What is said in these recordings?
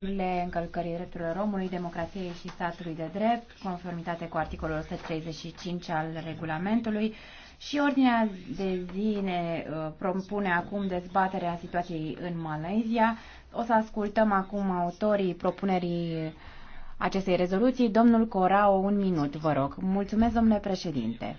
le încălcării drepturilor omului, democrației și statului de drept, conformitate cu articolul 135 al regulamentului și ordinea de zi ne uh, propune acum dezbaterea situației în Malaysia. O să ascultăm acum autorii propunerii acestei rezoluții. Domnul Corao, un minut, vă rog. Mulțumesc, domnule președinte.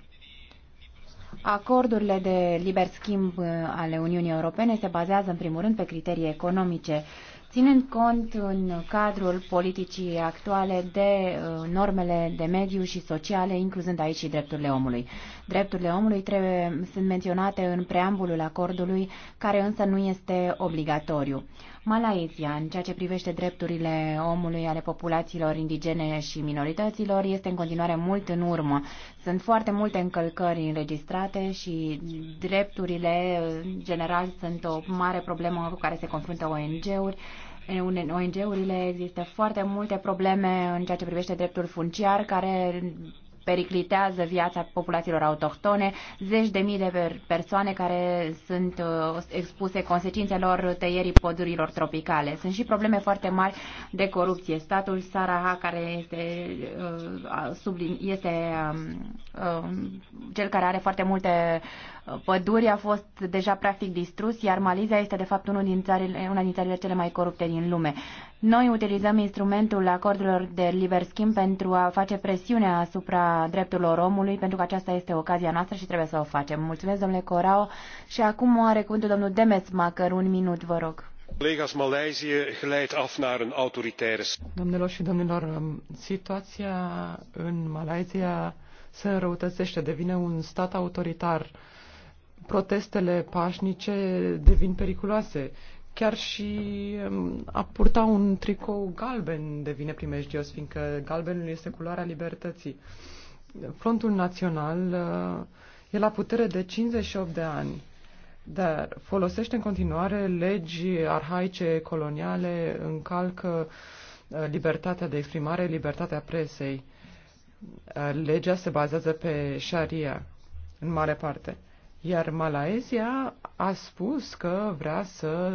Acordurile de liber schimb uh, ale Uniunii Europene se bazează în primul rând pe criterii economice. Ținând cont în cadrul politicii actuale de uh, normele de mediu și sociale, incluzând aici și drepturile omului. Drepturile omului trebuie, sunt menționate în preambulul acordului, care însă nu este obligatoriu. Malaezia, în ceea ce privește drepturile omului ale populațiilor indigene și minorităților, este în continuare mult în urmă. Sunt foarte multe încălcări înregistrate și drepturile, în general, sunt o mare problemă cu care se confruntă ONG-uri. În ONG-urile există foarte multe probleme în ceea ce privește dreptul funciar, care periclitează viața populațiilor autohtone, zeci de mii de persoane care sunt uh, expuse consecințelor tăierii pădurilor tropicale. Sunt și probleme foarte mari de corupție. Statul Saraha, care este, uh, este um, um, cel care are foarte multe păduri a fost deja practic distrus, iar Malizia este de fapt unul din țările, una din țările cele mai corupte din lume. Noi utilizăm instrumentul acordurilor de liber schimb pentru a face presiune asupra drepturilor omului, pentru că aceasta este ocazia noastră și trebuie să o facem. Mulțumesc, domnule Corao. Și acum are cuvântul domnul Macăr. Un minut, vă rog. Collega's, Maleisië glijdt af naar een autoritaire. Domnilor și domnilor, um, situația în Malaysia se răutățește, devine un stat autoritar protestele pașnice devin periculoase. Chiar și um, a purta un tricou galben devine primejdios, fiindcă galbenul este culoarea libertății. Frontul Național uh, e la putere de 58 de ani, dar folosește în continuare legi arhaice coloniale, încalcă uh, libertatea de exprimare, libertatea presei. Uh, legea se bazează pe șaria, în mare parte. Iar Malaezia a spus că vrea să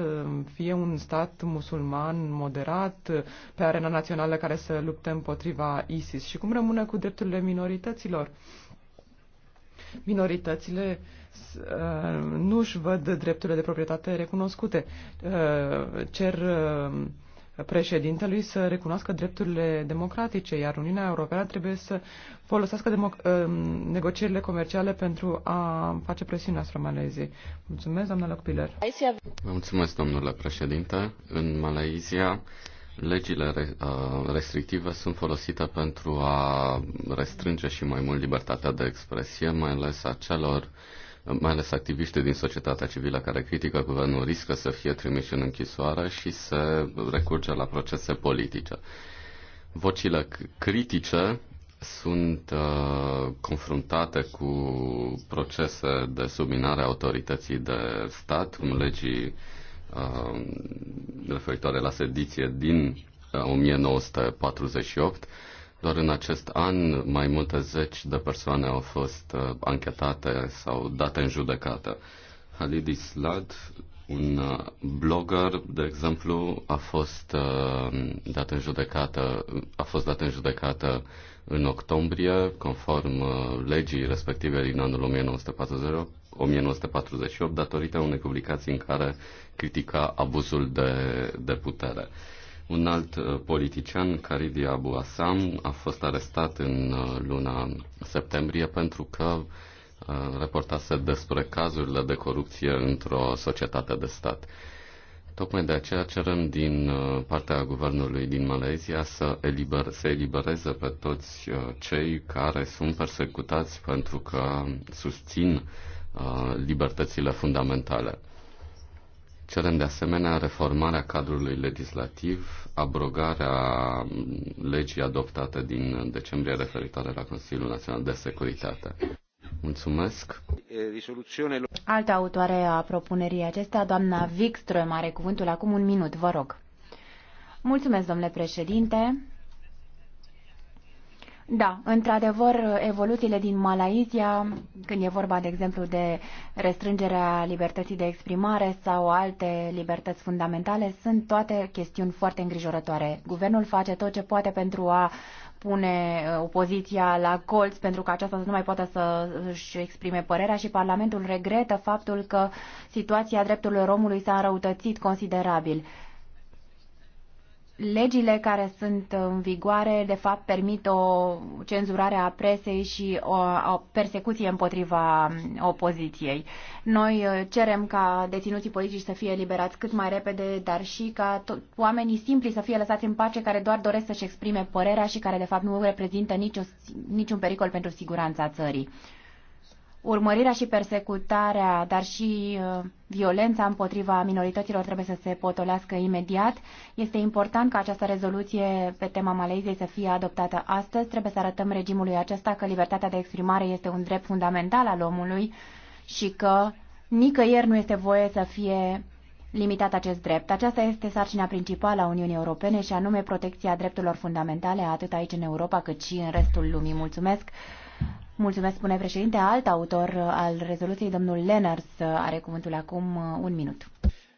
fie un stat musulman moderat pe arena națională care să lupte împotriva ISIS. Și cum rămâne cu drepturile minorităților? minoritățile uh, nu și văd drepturile de proprietate recunoscute. Uh, cer uh, președintelui să recunoască drepturile democratice, iar Uniunea Europeană trebuie să folosească uh, negocierile comerciale pentru a face presiune asupra Maleziei. Mulțumesc, doamna Locpiller. Vă mulțumesc, domnule președinte. În Malezia, legile uh, restrictive sunt folosite pentru a restrânge și mai mult libertatea de expresie, mai ales a celor mai ales activiști din societatea civilă care critică guvernul, riscă să fie trimiși în închisoare și să recurge la procese politice. Vocile critice sunt uh, confruntate cu procese de subminare a autorității de stat, cum legii uh, referitoare la sediție din 1948 uh, doar în acest an, mai multe zeci de persoane au fost uh, anchetate sau date în judecată. Halid Islad, un uh, blogger, de exemplu, a fost uh, dat în judecată, a fost dat în judecată în octombrie, conform legii respective din anul 1940, 1948, datorită unei publicații în care critica abuzul de, de putere. Un alt uh, politician, Caridi Abu Assam, a fost arestat în uh, luna septembrie pentru că uh, reportase despre cazurile de corupție într-o societate de stat. Tocmai de aceea cerem din partea guvernului din Malezia să, eliber, să elibereze pe toți cei care sunt persecutați pentru că susțin libertățile fundamentale. Cerem de asemenea reformarea cadrului legislativ, abrogarea legii adoptate din decembrie referitoare la Consiliul Național de Securitate. Mulțumesc. Alta autoare a propunerii acestea, doamna Wikström, are cuvântul acum un minut, vă rog. Mulțumesc, domnule președinte. Da, într-adevăr, evoluțiile din Malaizia, când e vorba, de exemplu, de restrângerea libertății de exprimare sau alte libertăți fundamentale, sunt toate chestiuni foarte îngrijorătoare. Guvernul face tot ce poate pentru a pune uh, opoziția la colț pentru că aceasta să nu mai poată să își exprime părerea și Parlamentul regretă faptul că situația drepturilor omului s-a înrăutățit considerabil legile care sunt în vigoare, de fapt, permit o cenzurare a presei și o, o persecuție împotriva opoziției. Noi uh, cerem ca deținuții politici să fie eliberați cât mai repede, dar și ca oamenii simpli să fie lăsați în pace, care doar doresc să-și exprime părerea și care, de fapt, nu reprezintă nicio, niciun pericol pentru siguranța țării urmărirea și persecutarea, dar și uh, violența împotriva minorităților trebuie să se potolească imediat. Este important ca această rezoluție pe tema Maleziei să fie adoptată astăzi. Trebuie să arătăm regimului acesta că libertatea de exprimare este un drept fundamental al omului și că nicăieri nu este voie să fie limitat acest drept. Aceasta este sarcina principală a Uniunii Europene și anume protecția drepturilor fundamentale atât aici în Europa cât și în restul lumii. Mulțumesc! Mulțumesc, spune președinte. Alt autor uh, al rezoluției, domnul Lenners, uh, are cuvântul acum uh, un minut.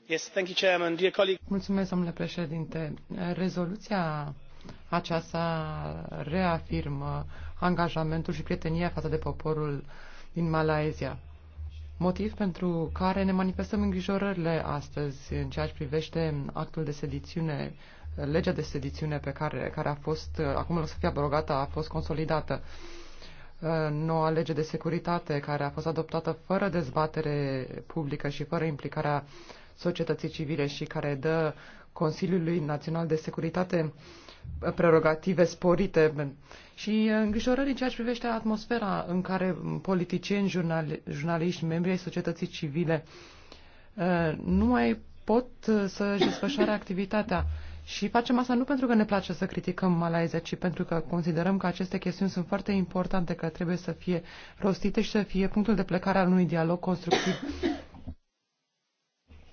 Yes, thank you, Chairman. Dear colleague... Mulțumesc, domnule președinte. Rezoluția aceasta reafirmă angajamentul și prietenia față de poporul din Malaezia. Motiv pentru care ne manifestăm îngrijorările astăzi în ceea ce privește actul de sedițiune, legea de sedițiune pe care, care a fost, acum o să fie abrogată, a fost consolidată. Uh, Uh, noua lege de securitate care a fost adoptată fără dezbatere publică și fără implicarea societății civile și care dă Consiliului Național de Securitate uh, prerogative sporite și îngrijorări în ceea ce privește atmosfera în care politicieni, jurnali, jurnaliști, membrii ai societății civile uh, nu mai pot să-și desfășoare activitatea. Și facem asta nu pentru că ne place să criticăm Malaezia, ci pentru că considerăm că aceste chestiuni sunt foarte importante, că trebuie să fie rostite și să fie punctul de plecare al unui dialog constructiv.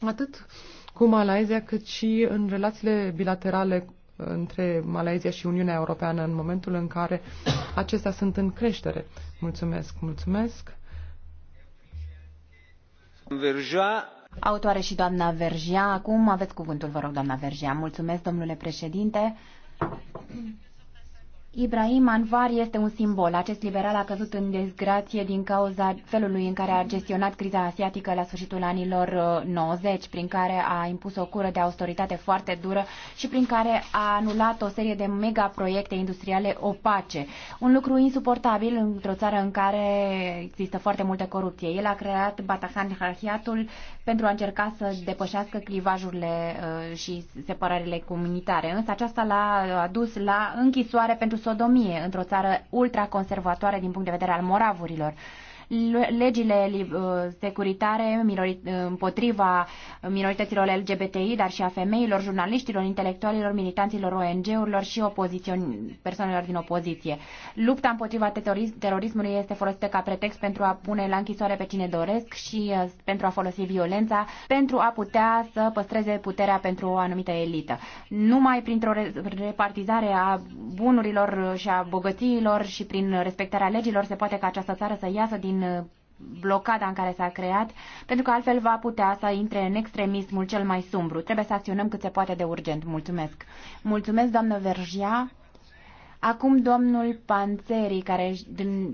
Atât cu Malaezia, cât și în relațiile bilaterale uh, între Malaezia și Uniunea Europeană în momentul în care acestea sunt în creștere. Mulțumesc, mulțumesc. Autoare și doamna Vergea, acum aveți cuvântul, vă rog, doamna Vergea. Mulțumesc, domnule președinte. Ibrahim Anvar este un simbol. Acest liberal a căzut în dezgrație din cauza felului în care a gestionat criza asiatică la sfârșitul anilor 90, uh, prin care a impus o cură de austeritate foarte dură și prin care a anulat o serie de megaproiecte industriale opace. Un lucru insuportabil într-o țară în care există foarte multă corupție. El a creat Batahan Harhiatul pentru a încerca să depășească clivajurile uh, și separările comunitare. Însă aceasta l-a adus la închisoare pentru sodomie într-o țară ultraconservatoare din punct de vedere al moravurilor legile uh, securitare împotriva minorităților LGBTI, dar și a femeilor, jurnaliștilor, intelectualilor, militanților ONG-urilor și persoanelor din opoziție. Lupta împotriva terorismului este folosită ca pretext pentru a pune la închisoare pe cine doresc și uh, pentru a folosi violența, pentru a putea să păstreze puterea pentru o anumită elită. Numai printr-o repartizare a bunurilor și a bogățiilor și prin respectarea legilor se poate ca această țară să iasă din Uh, blocada în care s-a creat, pentru că altfel va putea să intre în extremismul cel mai sumbru. Trebuie să acționăm cât se poate de urgent. Mulțumesc. Mulțumesc, doamnă Vergia. Acum domnul Panțeri, care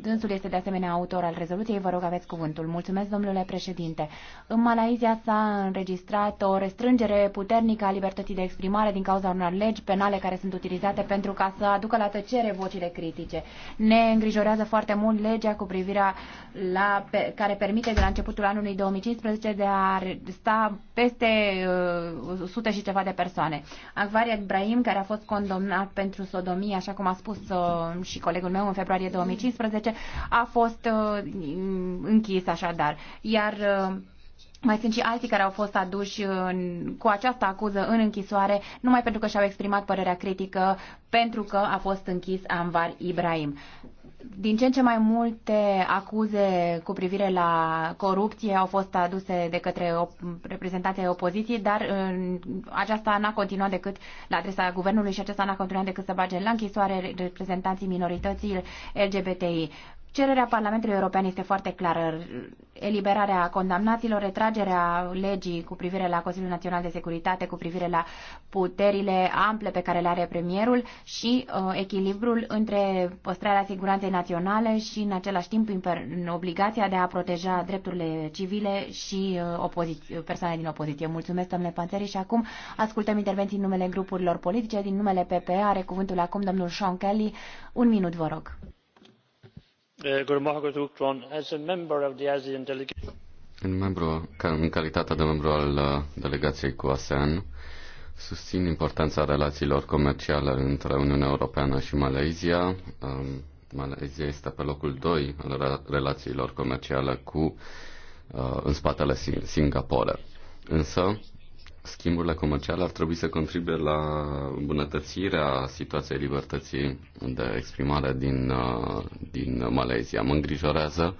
dânsul este de asemenea autor al rezoluției, vă rog aveți cuvântul. Mulțumesc, domnule președinte. În Malaizia s-a înregistrat o restrângere puternică a libertății de exprimare din cauza unor legi penale care sunt utilizate pentru ca să aducă la tăcere vocile critice. Ne îngrijorează foarte mult legea cu privirea la, pe, care permite de la începutul anului 2015 de a sta peste uh, sute și ceva de persoane. Akvariat Brahim, care a fost condamnat pentru sodomie, așa cum a spus uh, și colegul meu în februarie 2015, a fost uh, închis așadar. Iar uh, mai sunt și alții care au fost aduși în, cu această acuză în închisoare, numai pentru că și-au exprimat părerea critică, pentru că a fost închis Anvar Ibrahim. Din ce în ce mai multe acuze cu privire la corupție au fost aduse de către reprezentanții opoziției, dar aceasta n-a continuat decât la adresa guvernului și aceasta n-a continuat decât să bage la închisoare reprezentanții minorității LGBTI. Cererea Parlamentului European este foarte clară. Eliberarea condamnaților, retragerea legii cu privire la Consiliul Național de Securitate, cu privire la puterile ample pe care le are premierul și uh, echilibrul între păstrarea siguranței naționale și, în același timp, obligația de a proteja drepturile civile și uh, persoane din opoziție. Mulțumesc, domnule Panțeri, și acum ascultăm intervenții în numele grupurilor politice. Din numele PPE are cuvântul acum domnul Sean Kelly. Un minut, vă rog. În, calitate de membru al uh, delegației cu ASEAN, susțin importanța relațiilor comerciale între Uniunea Europeană și Malaysia. Um, Malaysia este pe locul 2 al relațiilor comerciale cu uh, în spatele Singapore. Însă, schimburile comerciale ar trebui să contribuie la îmbunătățirea situației libertății de exprimare din, uh, din Malezia. Mă îngrijorează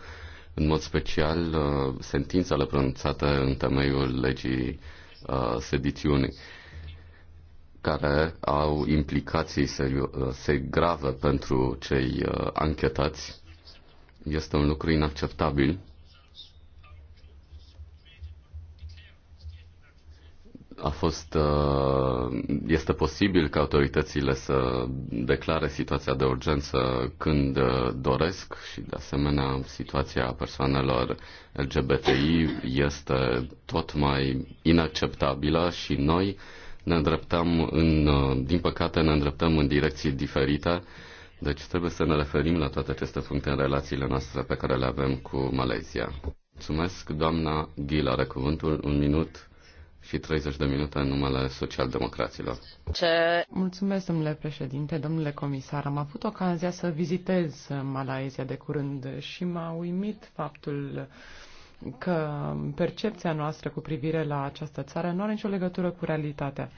în mod special uh, sentințele pronunțate în temeiul legii uh, sedițiunii care au implicații se grave pentru cei anchetați este un lucru inacceptabil a fost, uh, este posibil ca autoritățile să declare situația de urgență când uh, doresc și, de asemenea, situația persoanelor LGBTI este tot mai inacceptabilă și noi ne îndreptăm în, uh, din păcate, ne îndreptăm în direcții diferite. Deci trebuie să ne referim la toate aceste puncte în relațiile noastre pe care le avem cu Malezia. Mulțumesc, doamna Ghil are cuvântul, un minut și 30 de minute în numele socialdemocraților. Ce... Mulțumesc, domnule președinte, domnule comisar. Am avut ocazia să vizitez Malaezia de curând și m-a uimit faptul că percepția noastră cu privire la această țară nu are nicio legătură cu realitatea.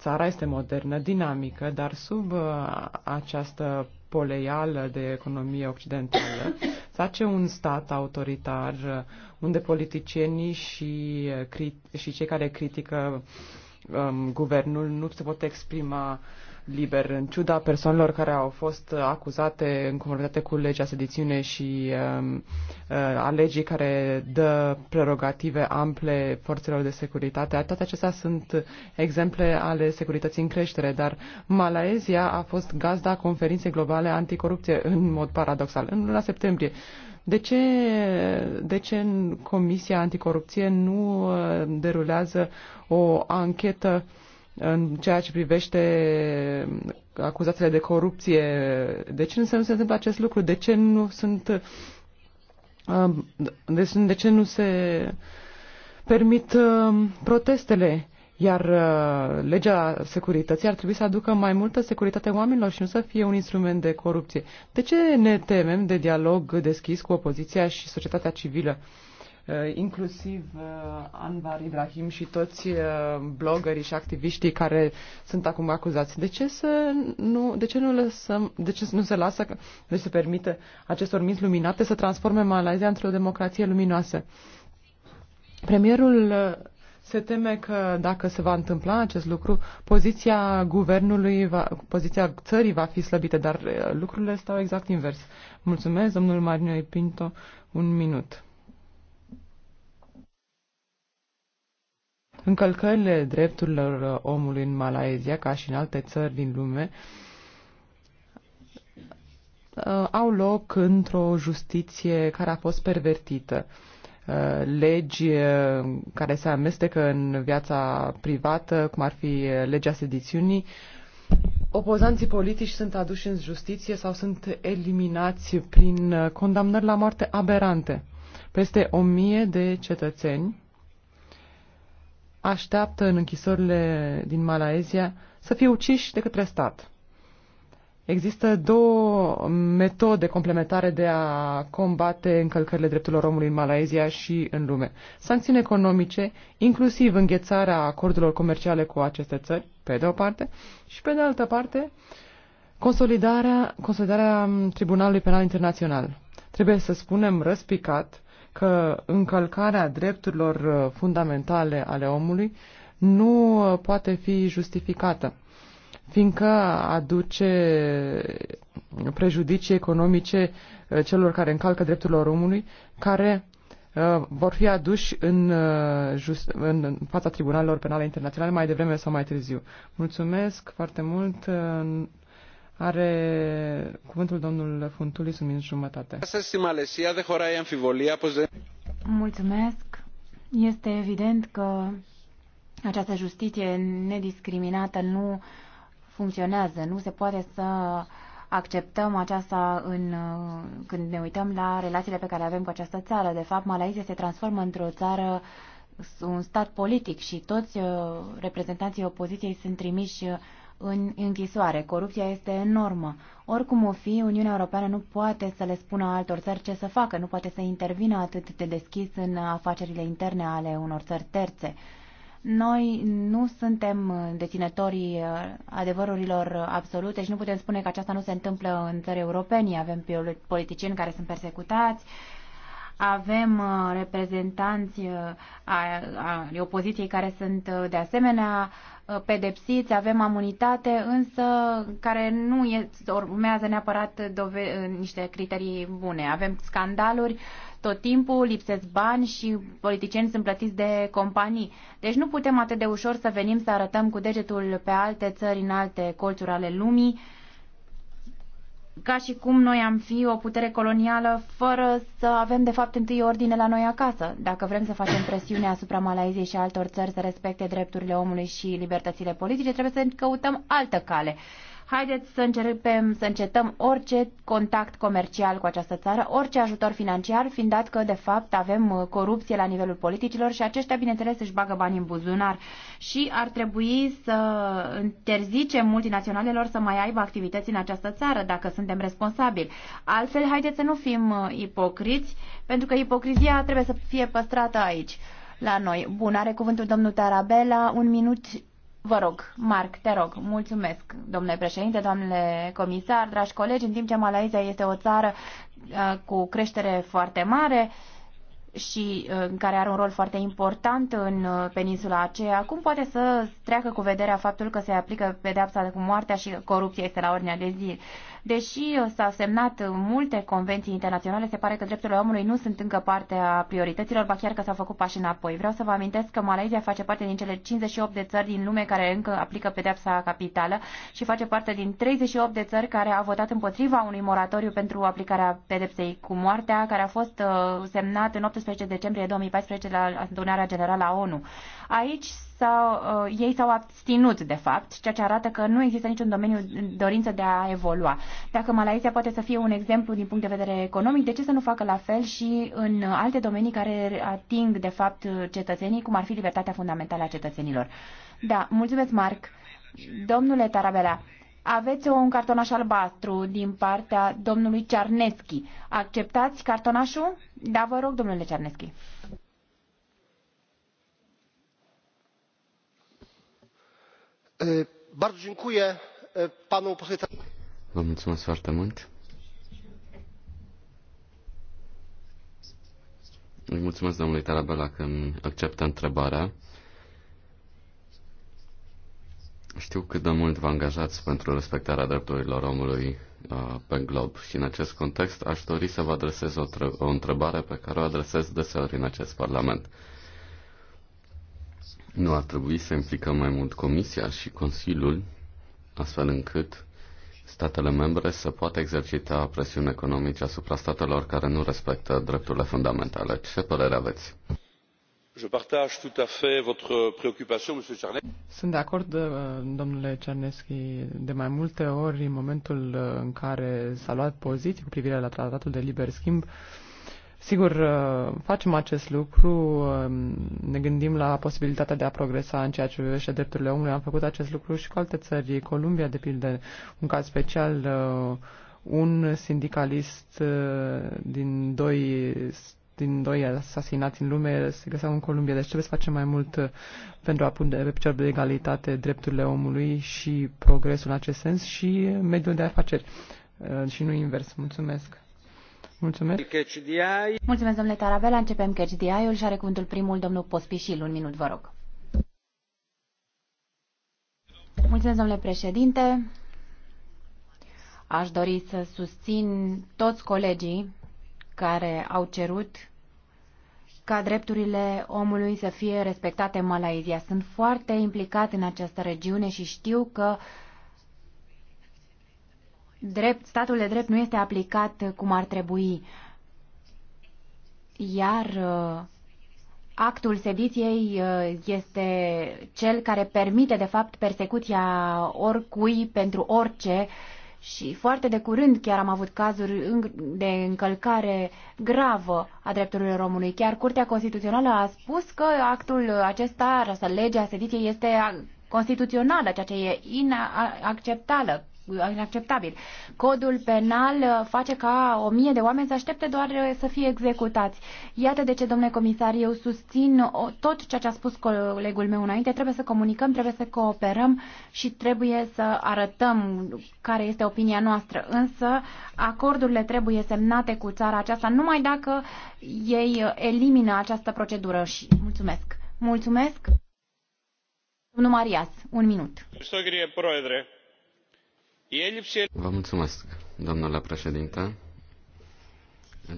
Țara este modernă, dinamică, dar sub uh, această poleială de economie occidentală, face un stat autoritar uh, unde politicienii și, uh, și cei care critică um, guvernul nu se pot exprima uh, liber, în ciuda persoanelor care au fost acuzate în conformitate cu legea sedițiune și um, uh, a legii care dă prerogative ample forțelor de securitate. Toate acestea sunt exemple ale securității în creștere, dar Malaezia a fost gazda conferinței globale anticorupție în mod paradoxal. În luna septembrie de ce, de ce Comisia Anticorupție nu uh, derulează o anchetă în ceea ce privește acuzațiile de corupție. De ce nu se, nu se întâmplă acest lucru? De ce nu sunt. Um, de ce nu se permit um, protestele? Iar uh, legea securității ar trebui să aducă mai multă securitate oamenilor și nu să fie un instrument de corupție. De ce ne temem de dialog deschis cu opoziția și societatea civilă? Uh, Uh, inclusiv uh, Anvar Ibrahim și toți uh, bloggerii și activiștii care sunt acum acuzați. De ce să nu, de ce nu lăsăm, de ce nu se lasă, de se permite acestor minți luminate să transforme Malaysia într-o democrație luminoasă? Premierul se teme că dacă se va întâmpla acest lucru, poziția guvernului, va, poziția țării va fi slăbită, dar lucrurile stau exact invers. Mulțumesc, domnul Marino Pinto, un minut. Încălcările drepturilor omului în Malaezia, ca și în alte țări din lume, uh, au loc într-o justiție care a fost pervertită. Uh, legi uh, care se amestecă în viața privată, cum ar fi legea sedițiunii, opozanții politici sunt aduși în justiție sau sunt eliminați prin condamnări la moarte aberante. Peste o mie de cetățeni așteaptă în închisorile din Malaezia să fie uciși de către stat. Există două metode complementare de a combate încălcările drepturilor omului în Malaezia și în lume. Sancțiuni economice, inclusiv înghețarea acordurilor comerciale cu aceste țări, pe de o parte, și pe de altă parte, consolidarea, consolidarea Tribunalului Penal Internațional. Trebuie să spunem răspicat că încălcarea drepturilor uh, fundamentale ale omului nu uh, poate fi justificată, fiindcă aduce prejudicii economice uh, celor care încalcă drepturile omului, care vor fi aduși în, just, în fața tribunalelor penale internaționale mai devreme sau mai târziu. Mulțumesc foarte mult. Are cuvântul domnul Funtulis un minut jumătate. Mulțumesc. Este evident că această justiție nediscriminată nu funcționează. Nu se poate să acceptăm aceasta în, când ne uităm la relațiile pe care le avem cu această țară. De fapt, Malaysia se transformă într-o țară, un stat politic și toți uh, reprezentanții opoziției sunt trimiși uh, în închisoare. Corupția este enormă. Oricum o fi, Uniunea Europeană nu poate să le spună altor țări ce să facă, nu poate să intervină atât de deschis în afacerile interne ale unor țări terțe. Noi nu suntem deținătorii uh, adevărurilor absolute și nu putem spune că aceasta nu se întâmplă în țări europene. Avem politicieni care sunt persecutați, avem uh, reprezentanți uh, a, a opoziției care sunt de asemenea pedepsiți, avem amunitate, însă care nu e, urmează neapărat dove- niște criterii bune. Avem scandaluri tot timpul, lipsesc bani și politicieni sunt plătiți de companii. Deci nu putem atât de ușor să venim să arătăm cu degetul pe alte țări în alte colțuri ale lumii ca și cum noi am fi o putere colonială fără să avem de fapt întâi ordine la noi acasă. Dacă vrem să facem presiune asupra Malaiziei și altor țări să respecte drepturile omului și libertățile politice, trebuie să căutăm altă cale. Haideți să începem să încetăm orice contact comercial cu această țară, orice ajutor financiar, fiind dat că, de fapt, avem uh, corupție la nivelul politicilor și aceștia, bineînțeles, își bagă bani în buzunar și ar trebui să interzicem multinaționalelor să mai aibă activități în această țară, dacă suntem responsabili. Altfel, haideți să nu fim uh, ipocriți, pentru că ipocrizia trebuie să fie păstrată aici la noi. Bun, are cuvântul domnul Tarabela, un minut Vă rog, Marc, te rog, mulțumesc, domnule președinte, domnule comisar, dragi colegi, în timp ce Malaysia este o țară uh, cu creștere foarte mare, uh, și uh, care are un rol foarte important în uh, peninsula aceea, cum poate să treacă cu vederea faptul că se aplică pedepsa cu moartea și corupția este la ordinea de zi? Deși uh, s-au semnat multe convenții internaționale, se pare că drepturile omului nu sunt încă parte a priorităților, ba chiar că s-au făcut pași înapoi. Vreau să vă amintesc că Malaysia face parte din cele 58 de țări din lume care încă aplică pedepsa capitală și face parte din 38 de țări care au votat împotriva unui moratoriu pentru aplicarea pedepsei cu moartea, care a fost semnat în 18 17 decembrie 2014 la adunarea generală a ONU. Aici s-au, uh, ei s-au abținut, de fapt, ceea ce arată că nu există niciun domeniu dorință de a evolua. Dacă Malaysia poate să fie un exemplu din punct de vedere economic, de ce să nu facă la fel și în alte domenii care ating, de fapt, cetățenii, cum ar fi libertatea fundamentală a cetățenilor? Da, mulțumesc, Marc. Domnule Tarabela, aveți un cartonaș albastru din partea domnului Cerneschi. Acceptați cartonașul? Da, vă rog, domnule Cerneschi. Vă mulțumesc foarte mult. Îi mulțumesc domnului Tarabela că acceptă întrebarea. Știu cât de mult vă angajați pentru respectarea drepturilor omului uh, pe glob și în acest context aș dori să vă adresez o, o întrebare pe care o adresez deseori în acest Parlament. Nu ar trebui să implicăm mai mult Comisia și Consiliul, astfel încât statele membre să poată exercita presiuni economice asupra statelor care nu respectă drepturile fundamentale. Ce părere aveți? Sunt de acord, uh, domnule Czarnecki de mai multe ori în momentul uh, în care s-a luat poziție cu privire la tratatul de liber schimb, Sigur, uh, facem acest lucru, um, ne gândim la posibilitatea de a progresa în ceea ce privește drepturile omului. Am făcut acest lucru și cu alte țări, Columbia, de pildă, un caz special, un sindicalist din doi din doi asasinați în lume se găseau în Columbia. Deci trebuie să facem mai mult uh, pentru a pune pe picior de egalitate drepturile omului și progresul în acest sens și mediul de afaceri. Uh, și nu invers. Mulțumesc. Mulțumesc. Mulțumesc, domnule Tarabela. Începem catch ul și are cuvântul primul domnul Pospișil. Un minut, vă rog. Mulțumesc, domnule președinte. Aș dori să susțin toți colegii care au cerut ca drepturile omului să fie respectate în Malaezia. Sunt foarte implicat în această regiune și știu că drept, statul de drept nu este aplicat cum ar trebui. Iar uh, actul sediției uh, este cel care permite, de fapt, persecuția oricui pentru orice și foarte de curând chiar am avut cazuri de încălcare gravă a drepturilor omului. Chiar Curtea Constituțională a spus că actul acesta, această lege a sediției este constituțională, ceea ce e inacceptabilă inacceptabil. Codul penal uh, face ca o mie de oameni să aștepte doar uh, să fie executați. Iată de ce, domnule comisar, eu susțin uh, tot ceea ce a spus colegul meu înainte. Trebuie să comunicăm, trebuie să cooperăm și trebuie să arătăm care este opinia noastră. Însă acordurile trebuie semnate cu țara aceasta numai dacă ei elimină această procedură. Și mulțumesc. Mulțumesc. Domnul Marias, un minut. Vă mulțumesc, domnule președinte.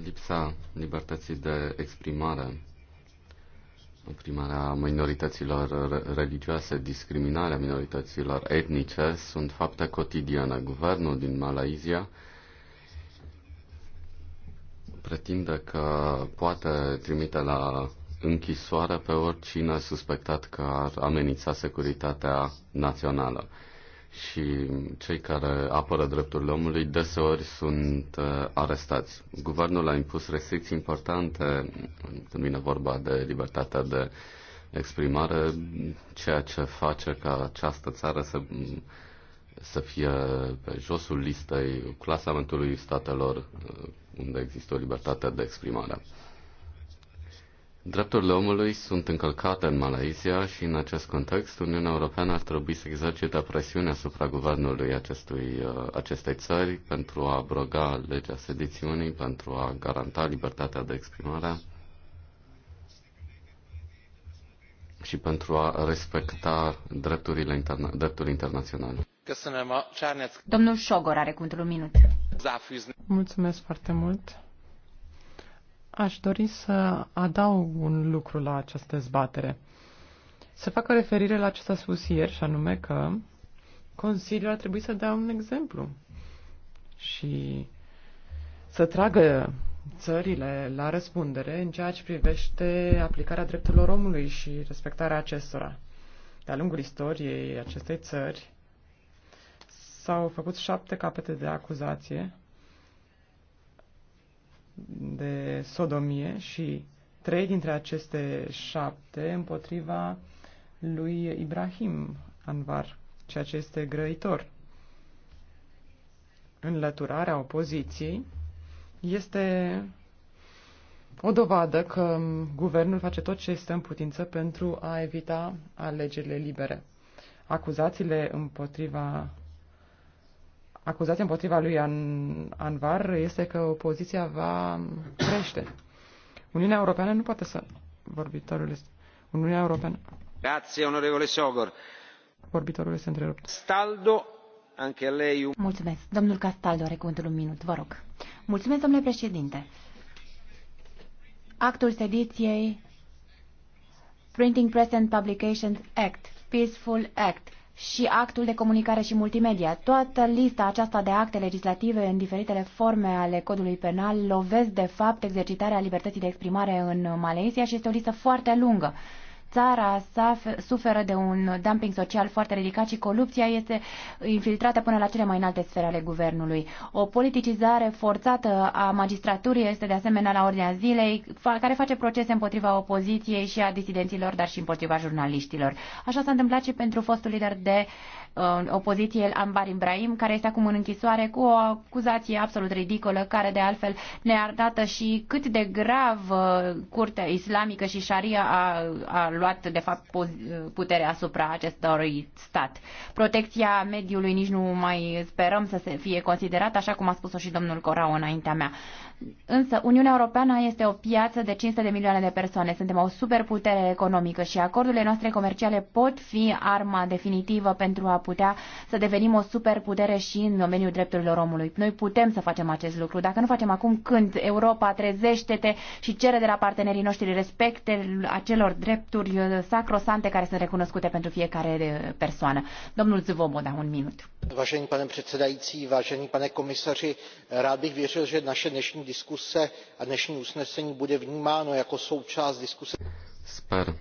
Lipsa libertății de exprimare, oprimarea minorităților religioase, discriminarea minorităților etnice sunt fapte cotidiene. Guvernul din Malaizia pretinde că poate trimite la închisoare pe oricine suspectat că ar amenința securitatea națională și cei care apără drepturile omului deseori sunt uh, arestați. Guvernul a impus restricții importante când vine vorba de libertatea de exprimare, ceea ce face ca această țară să, să fie pe josul listei clasamentului statelor uh, unde există o libertate de exprimare. Drepturile omului sunt încălcate în Malaysia și în acest context Uniunea Europeană ar trebui să exercite presiune asupra guvernului acestui, uh, acestei țări pentru a abroga legea sedițiunii, pentru a garanta libertatea de exprimare și pentru a respecta drepturile interna- drepturi internaționale. Domnul Șogor are cuvântul un minut. Mulțumesc foarte mult. Aș dori să adaug un lucru la această dezbatere. Să facă referire la ce s-a spus ieri, și anume că Consiliul ar trebui să dea un exemplu și să tragă țările la răspundere în ceea ce privește aplicarea drepturilor omului și respectarea acestora. De-a lungul istoriei acestei țări s-au făcut șapte capete de acuzație de sodomie și trei dintre aceste șapte împotriva lui Ibrahim Anvar, ceea ce este grăitor. Înlăturarea opoziției este o dovadă că guvernul face tot ce este în putință pentru a evita alegerile libere. Acuzațiile împotriva acuzația împotriva lui An- Anvar este că opoziția va crește. Uniunea Europeană nu poate să... Vorbitorul este... Uniunea Europeană... Grazie, onorevole Sogor. Vorbitorul este întrerupt. Staldo, anche lei... Mulțumesc. Domnul Castaldo are cuvântul un minut, vă rog. Mulțumesc, domnule președinte. Actul sediției Printing Press and Publications Act, Peaceful Act, și actul de comunicare și multimedia. Toată lista aceasta de acte legislative în diferitele forme ale codului penal lovesc, de fapt, exercitarea libertății de exprimare în Malaysia și este o listă foarte lungă țara sa suferă de un dumping social foarte ridicat și corupția este infiltrată până la cele mai înalte sfere ale guvernului. O politicizare forțată a magistraturii este de asemenea la ordinea zilei, care face procese împotriva opoziției și a disidenților, dar și împotriva jurnaliștilor. Așa s-a întâmplat și pentru fostul lider de uh, Uh, opoziției Ambar Ibrahim, care este acum în închisoare cu o acuzație absolut ridicolă, care de altfel ne arată și cât de grav uh, Curtea Islamică și șaria a, a luat de fapt uh, puterea asupra acestor stat. Protecția mediului nici nu mai sperăm să se fie considerată, așa cum a spus-o și domnul Corau înaintea mea. Însă Uniunea Europeană este o piață de 500 de milioane de persoane. Suntem o superputere economică și acordurile noastre comerciale pot fi arma definitivă pentru a putea să devenim o superputere și în domeniul drepturilor omului. Noi putem să facem acest lucru. Dacă nu facem acum, când Europa trezește-te și cere de la partenerii noștri respecte acelor drepturi sacrosante care sunt recunoscute pentru fiecare eh, persoană. Domnul Zvoboda, un minut. Vážený pane předsedající, vážený pane komisaři, rád bych věřil, že naše dnešní diskuse a dnešní usnesení bude vnímáno jako součást diskuse. Sper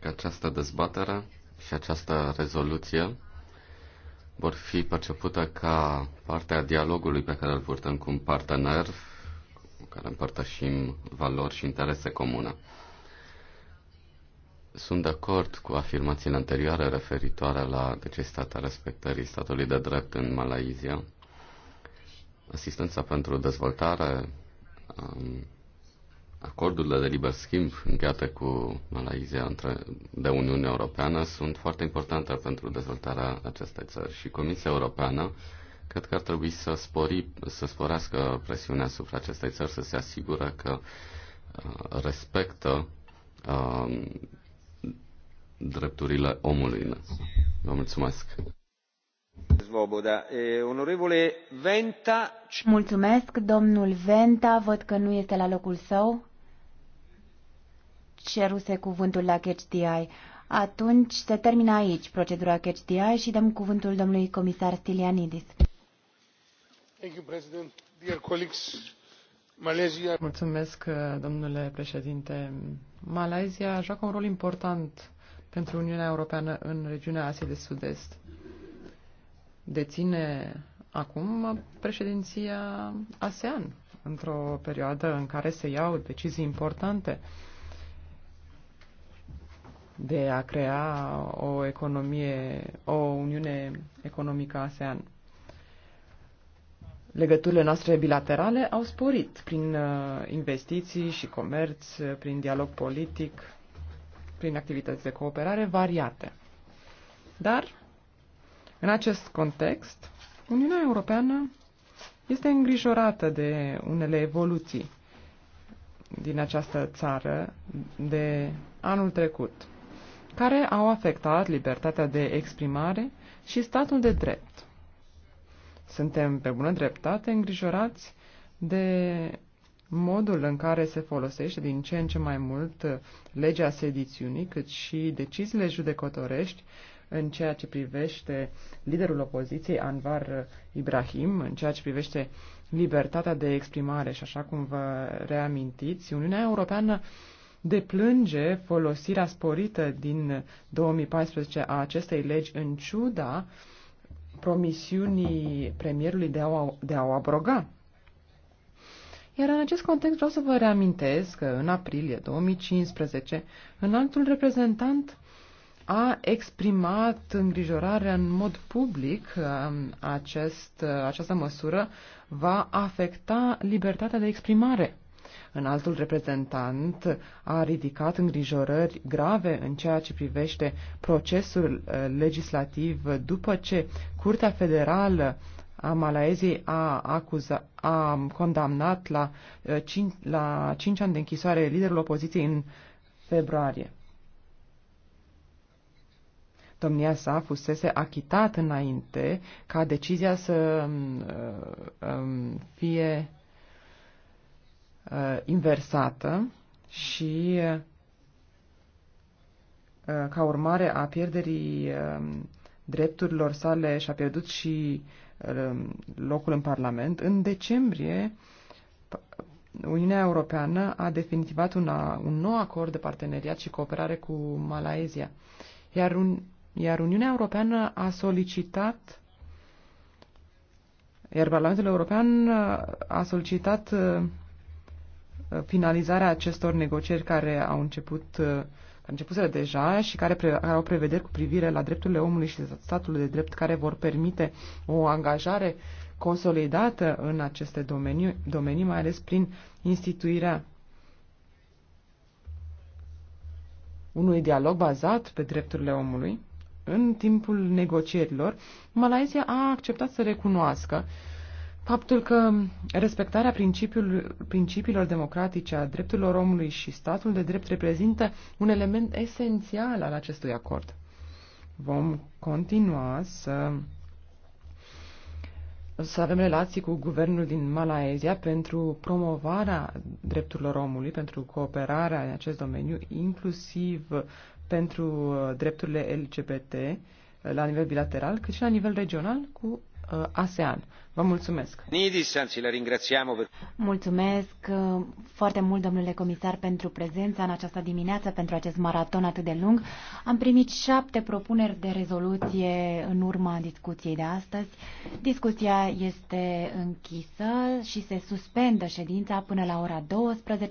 că această dezbatere și această rezoluție vor fi percepută ca parte a dialogului pe care îl purtăm cu un partener cu care împărtășim valori și interese comune. Sunt de acord cu afirmațiile anterioare referitoare la necesitatea respectării statului de drept în Malaizia asistența pentru dezvoltare, um, acordurile de liber schimb încheiate cu Malaysia între, de Uniunea Europeană sunt foarte importante pentru dezvoltarea acestei țări și Comisia Europeană cred că ar trebui să, spori, să sporească presiunea asupra acestei țări, să se asigure că uh, respectă um, drepturile omului. Vă mulțumesc! Mulțumesc, domnul Venta. Văd că nu este la locul său. Ceruse cuvântul la CHDI. Atunci se termină aici procedura CHDI și dăm cuvântul domnului comisar Stilianidis. Mulțumesc, domnule președinte. Malaysia. joacă un rol important pentru Uniunea Europeană în regiunea Asiei de Sud-Est deține acum președinția ASEAN, într-o perioadă în care se iau decizii importante de a crea o economie, o uniune economică ASEAN. Legăturile noastre bilaterale au sporit prin uh, investiții și comerț, uh, prin dialog politic, prin activități de cooperare variate. Dar în acest context, Uniunea Europeană este îngrijorată de unele evoluții din această țară de anul trecut, care au afectat libertatea de exprimare și statul de drept. Suntem pe bună dreptate îngrijorați de modul în care se folosește din ce în ce mai mult legea sedițiunii, cât și deciziile judecătorești în ceea ce privește liderul opoziției, Anvar Ibrahim, în ceea ce privește libertatea de exprimare. Și așa cum vă reamintiți, Uniunea Europeană deplânge folosirea sporită din 2014 a acestei legi în ciuda promisiunii premierului de a, de a o abroga. Iar în acest context vreau să vă reamintesc că în aprilie 2015, în altul reprezentant a exprimat îngrijorarea în mod public um, acest, uh, această măsură va afecta libertatea de exprimare. În altul reprezentant a ridicat îngrijorări grave în ceea ce privește procesul uh, legislativ după ce Curtea Federală a Malaeziei a, acuza, a condamnat la 5, uh, la ani de închisoare liderul opoziției în februarie domnia sa fusese achitat înainte ca decizia să mm, uh, um, fie uh, inversată și uh, ca urmare a pierderii um, drepturilor sale și-a pierdut și um, locul în Parlament. În decembrie, Uniunea Europeană a definitivat una, un nou acord de parteneriat și cooperare cu Malaezia, iar un, iar Uniunea Europeană a solicitat, iar Parlamentul European a solicitat uh, finalizarea acestor negocieri care au început, uh, care începuseră deja și care, pre, care au prevederi cu privire la drepturile omului și statul de drept care vor permite o angajare consolidată în aceste domenii, domenii mai ales prin instituirea unui dialog bazat pe drepturile omului în timpul negocierilor, Malaysia a acceptat să recunoască faptul că respectarea principiilor democratice a drepturilor omului și statul de drept reprezintă un element esențial al acestui acord. Vom continua să să avem relații cu guvernul din Malaezia pentru promovarea drepturilor omului, pentru cooperarea în acest domeniu, inclusiv pentru uh, drepturile LGBT uh, la nivel bilateral, cât și la nivel regional cu uh, ASEAN. Vă mulțumesc. Mulțumesc foarte mult, domnule comisar, pentru prezența în această dimineață, pentru acest maraton atât de lung. Am primit șapte propuneri de rezoluție în urma discuției de astăzi. Discuția este închisă și se suspendă ședința până la ora 12.